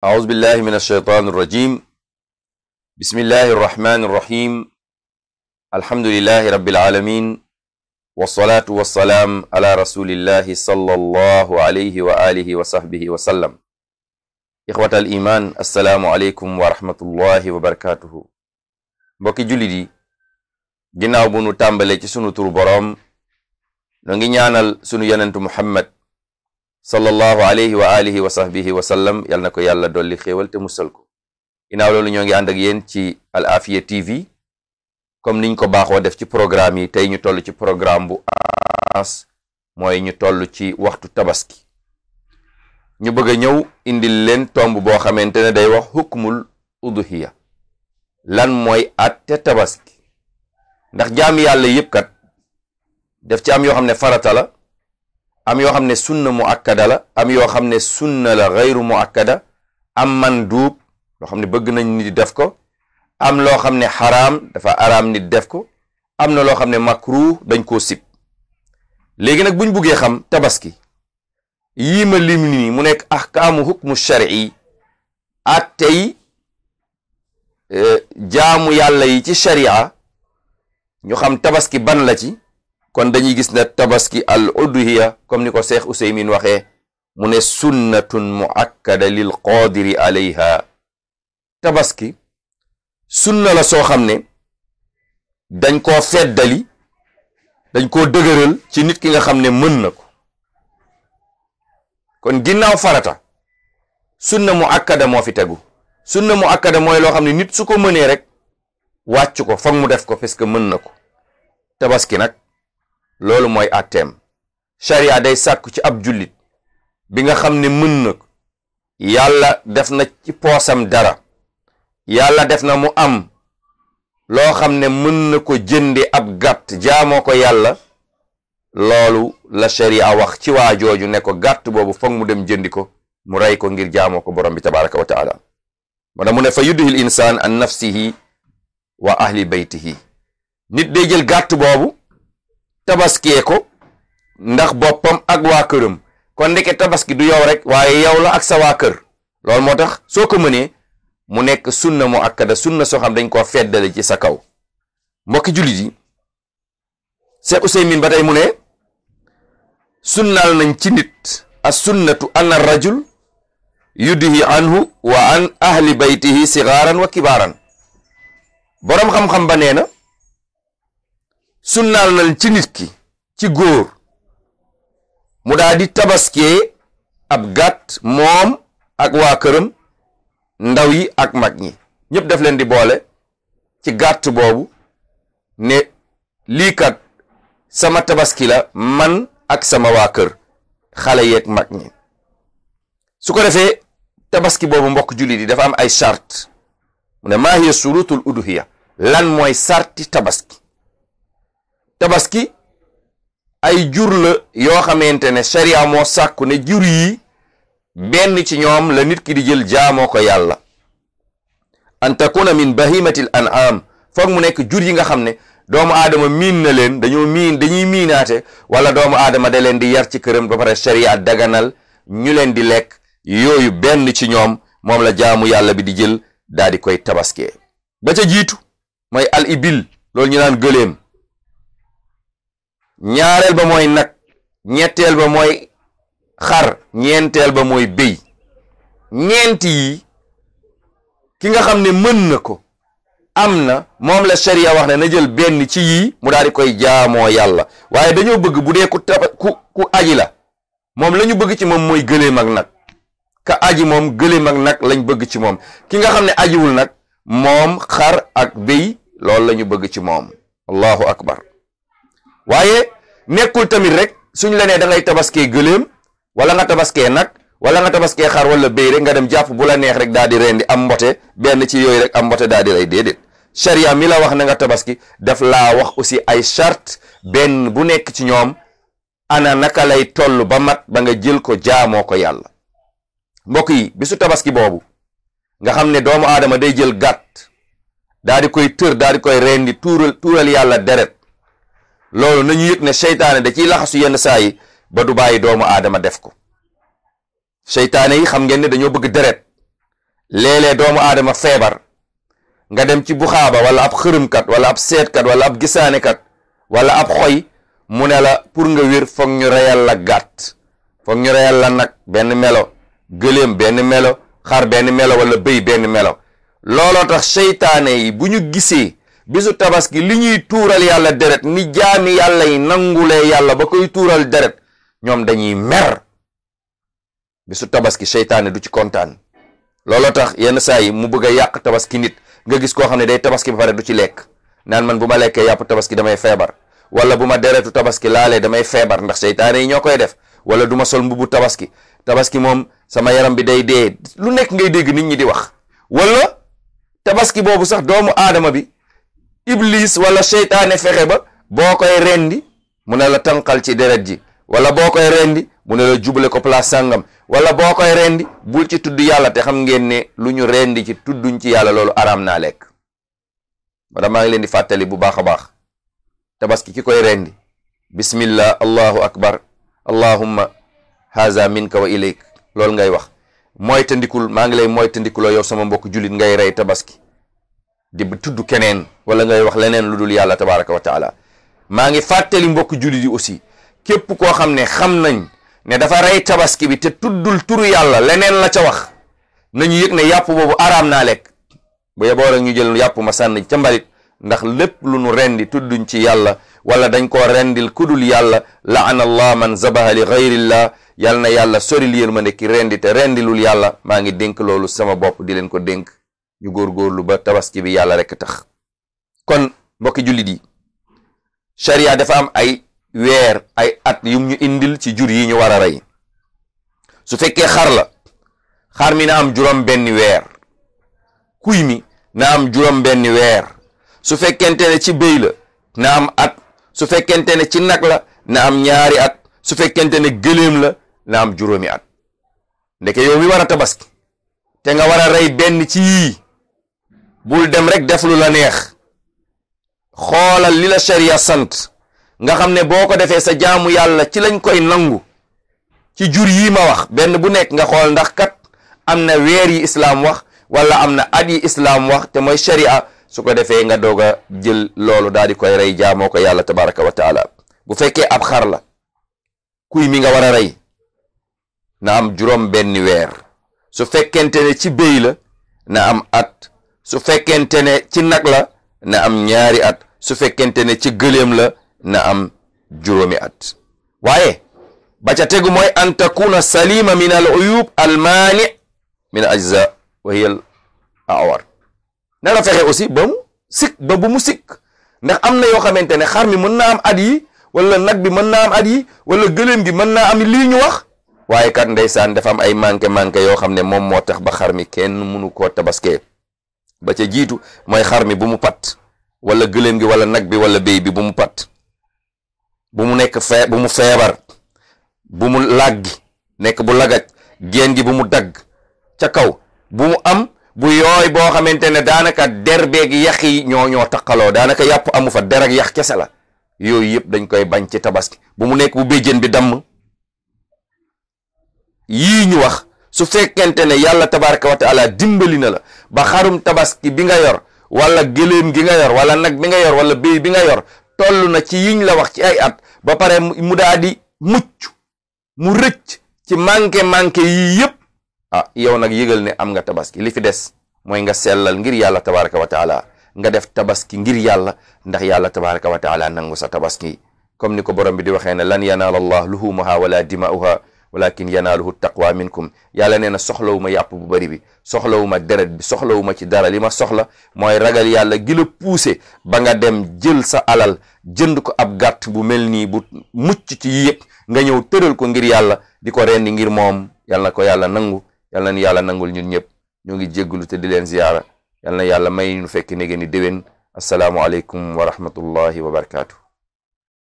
أعوذ بالله من الشيطان الرجيم بسم الله الرحمن الرحيم الحمد لله رب العالمين والصلاة والسلام على رسول الله صلى الله عليه وآله وصحبه وسلم إخوة الإيمان السلام عليكم ورحمة الله وبركاته mbokki jullit yi ginnaaw bu nu tàmbalee ci sunu turu boroom nu ngi ñaanal sunu yonentu Muhammad sallallahu alayhi wa alihi wa sahbihi wa sallam yal na ko yàlla dolli xéewal te musal ko ginnaaw loolu ñoo ngi ànd ak yéen ci Al Afia TV comme niñ ko baaxoo def ci programme yi tey ñu toll ci programme bu as mooy ñu toll ci waxtu tabaski ñu bëgg a ñëw indi leen tomb boo xamante ne day wax hukmul uduhiya lan mooy atte tabaski ndax jaami yàlla yëpp kat def ci am yoo xam ne farata la am yoo xam ne sunna mu akkada la am yoo xam ne sunna la xayru mu akkada am man duub loo xam ne bëgg nañ nit def ko am loo xam ne xaraam dafa aram nit def ko am na loo xam ne makruh dañ koo sib léegi nag buñ buggee xam tabaski yii ma lim mu nekk ahkaamu hukmu shar'i attey eh, jaamu yàlla yi ci sharia ñu xam tabaski ban la ci kon dañuy gis ne tabaski al udhiya comme ni ko seex useymin waxee mu ne sunnatun muakkada lil qadiri alayha tabaski sunna la soo xam ne dañ koo feddali dañ koo dëgëral ci nit ki nga xam ne mën na ko kon ginnaaw farata sunna mu akkada moo fi tegu sunna mu akkada mooy loo xam ne nit su ko mënee rek wàcc ko foog mu def ko parce que mën na ko tabaski nag loolu mooy àtteem sharia day sàkku ci ab jullit bi nga xam ne mën na ko yàlla def na ci poosam dara yàlla def na mu am loo xam ne mën na ko jënde ab gàtt jaamoo ko yàlla loolu la sharia wax ci waa jooju ne gàtt boobu foog mu dem jëndi ko mu rey ko ngir jaamoo ko borom bi tabaraka wa taala mu ne fa yudhil insaan an nafsihi wa ahli baytihi nit day gàtt boobu tabaskee ko ndax boppam ak waa këram kon ndeke tabaski du yow rek waaye yow la ak sa waa kër lool moo tax soo ko mënee mu nekk sunna mu akkada sunna soo xam dañ koo feddale ci sa kaw mbokki jullit yi Cheikh Ousaymin ba tey mu ne sunnaal nañ ci nit as sunnatu an rajul yudhi anhu wa an ahli baytihi sigaaran wa kibaaran boroom xam-xam ba nee na sunnaalal ci nit ki ci góor mu daa di tabaskee ab gàtt moom ak waa këram ndaw yi ak mag ñi ñëpp daf leen di boole ci gàtt boobu ne liikat sama tabaski la man ak sama waa kër xale yeeg mag ñi su ko defee tabaski boobu mbokk jullit yi dafa am ay charte mu ne maa hiya surutul uduhiya lan mooy sarti tabaski tabaski ay jur la yoo xamante ne sharia moo sàkku ne jur yi benn ci ñoom la nit ki di jël jaamoo ko yàlla an ba min bahimatil an'am foog mu nekk jur yi nga xam ne doomu aadama miin na leen dañoo miin dañuy miinaate wala doomu aadama da leen di yar ci këram ba pare sharia daganal ñu leen di lekk yooyu benn ci ñoom moom la jaamu yàlla bi di jël daa di koy tabaskee ba ca jiitu mooy al ibil loolu ñu naan gëleem ñaareel ba mooy nag ñetteel ba mooy xar ñeenteel ba mooy béy ñeent yi ki nga xam ne mën na ko am na moom la sharia wax ne na jël benn ci yii mu daal di koy jaamoo yàlla waaye dañoo bëgg bu dee ku taba ku aji la moom lañu bëgg ci moom mooy gëléem ak nag ka aji moom gëléem ak nag lañ bëgg ci moom ki nga xam ne ajiwul nag moom xar ak béy loolu lañu bëgg ci moom allahu akbar waaye nekkul tamit rek suñ la nee da ngay tabaskee gëléem wala nga tabaskee nag wala nga tabaskee xar wala béy rek nga dem jàpp bu la neex rek daa di rendi am mbote benn ci yooyu rek am mbote daa di rey déedéet charia mi la wax na nga tabaski daf laa wax aussi ay charte benn bu nekk ci ñoom ana naka lay toll ba mat ba nga jël ko jaamoo ko yàlla mbokk yi bisu tabaski boobu nga xam ne doomu aadama day jël gàtt daa di koy tër daa di koy rendi tuural tuural yàlla deret loolu nañu yëg ne seytaane da ciy laxasu yenn saa yi ba du bàyyi doomu aadama def ko seytaane yi xam ngeen ne dañoo bëgg deret léeg doomu aadama feebar nga dem ci buxaaba wala ab xërëmkat wala ab seetkat wala ab gisaanekat wala ab xoy mu ne la pour nga wér foog ñu reyal la gàtt foog ñu reyal la nag benn melo gëléem benn melo xar benn melo wala bëy benn melo looloo tax seytaane yi bu ñu gisee bisu tabaski li ñuy tuural yàlla deret ni jaami yàlla yi nangulee yàlla ba koy tuural deret ñoom dañuy mer bisu tabaski seytaane du ci kontaan looloo tax yenn saa yi mu bëgg a yàq tabaski nit nga gis koo xam ne day tabaski ba pare du ci lekk naan man bu ma lekkee yàpp tabaski damay feebar wala bu ma deretu tabaski laalee damay feebar ndax seytaane yi ñoo koy def wala du ma sol mbubu tabaski tabaski moom sama yaram bi day dee lu nekk ngay dégg nit ñi di wax aadama bi iblis wala seytaane fexe ba boo koy rendi mu ne la tànqal ci deret ji wala boo koy rendi mu ne juble ko place sàngam wala boo koy rendi bul ci tudd yàlla te xam ngeen ne lu ñu rendi ci tudduñ ci yàlla loolu araam na lekk ma maa ngi leen di fàttali bu baax a baax tabaski ki koy rendi bismillah allahu akbar allahumma haza minka wa ilayk loolu ngay wax mooy tandikul maa ngi lay mooy tandikuloo yow sama mbokk julit ngay rey tabaski di tudd keneen wala ngay wax leneen lu dul yàlla tabaraka wa taala maa ngi fàttali mbokk juli yi aussi képp koo xam ne xam nañ ne dafa rey tabaski bi te tuddul turu yàlla leneen la ca wax nañu yëg ne yàpp boobu araam naa lekk bu yeboo rek ñu jël yàpp ma sànni ca mbalit ndax lépp lu nu rendi tudduñ ci yàlla wala dañ koo rendil kudul yàlla laana allah man zabaha li gayrillah yal na yàlla soril yërmande ki rendi te rendilul yàlla maa ngi dénk loolu sama bopp di leen ko dénk ñu góorlu ba tabaski bi yàlla rek tax kon mbokki jullit yi sharia dafa am ay weer ay at yum ñu indil ci jur yi ñu war a rey su fekkee xar la xar mi na am juróom benni weer kuy mi na am juróom weer su fekkente ne ci béy la na am at su fekkente ne ci nag la na am ñaari at su fekkente ne gëléem la na am juróomi at ndeke yow mi war tabaski te nga war rey benn ci yii bul dem rek def lu la neex xoolal li la sharia sant nga xam ne boo ko defee sa jaamu yàlla ci lañ koy nangu ci jur yi ma wax benn bu nekk nga xool ndax kat am na weer yi islaam wax wala am na at yi islaam wax te mooy sharia su ko defee nga doog a jël loolu daal di koy rey jaamoo ko yàlla tabaraka wa taala bu fekkee ab xar la kuy mi nga war rey na am juróom benn weer su fekkente ne ci béy la na am at su fekkente ne ci nag la na am ñaari at su fekkente ne ci gëléem la na am juróomi at waaye ba ca tegu mooy an takuna salima min al uyub al maani min ajza wa hiya al awar na nga fexe aussi ba mu sikk ba bu mu sikk ndax am na yoo xamante ne xar mi mën naa am at yi wala nag bi mën naa am at yi wala gëléem gi mën naa am lii ñu wax waaye kat ndeysaan dafa am ay manqué manqué yoo xam ne moom moo tax ba xar mi kenn mënu ko tabaskee ba ca jiitu mooy xar mi bu mu pat wala gëléem gi wala nag bi wala béy bi bu mu pat bu mu nekk fee bu mu feebar bu mu làggi nekk bu lagaj géen gi bu mu dagg ca kaw bu mu am bu yooy boo xamante ne daanaka der beeg yax yi ñoo ñoo taqaloo daanaka yàpp amu fa der ak yax kese la yooyu yëpp dañ koy bañ ci tabaski bu mu nekk bu béjjén bi damm yii ñu wax su fekkente ne yàlla tabaraka wa taala dimbali na la ba xarum tabaski bi nga yor wala gëléem gi nga yor wala nag bi nga yor wala béy bi nga yor toll na ci yiñ la wax ci ay at ba pare mu daa di mucc mu rëcc ci manqué-manqué yii yëpp ah yow nag yëgal ne am nga tabaski li fi des mooy nga sellal ngir yàlla tabaraka wa taala nga def tabaski ngir yàlla ndax yàlla tabaraka wa taala nangu sa tabaski comme ni ko borom bi di waxee ne lan yanaala allah luhumaha wala walakin yanaaluhu taqwa minkum yàlla nee na soxlawu ma yàpp bu bari bi soxlawu ma deret bi soxlawu ma ci dara li ma soxla mooy ragal yàlla gi la poussé ba nga dem jël sa alal jënd ko ab gàtt bu mel nii bu mucc ci yëpp nga ñëw tëral ko ngir yàlla di ko rendi ngir moom yàlla ko yàlla nangu yàlla na yàlla nangul ñun ñëpp ñoo ngi jégglu te di leen ziyaara yàlla na yàlla may ñu fekk nege ni déwén asalaamualeykum wa rahmatullahi wa barakaatu.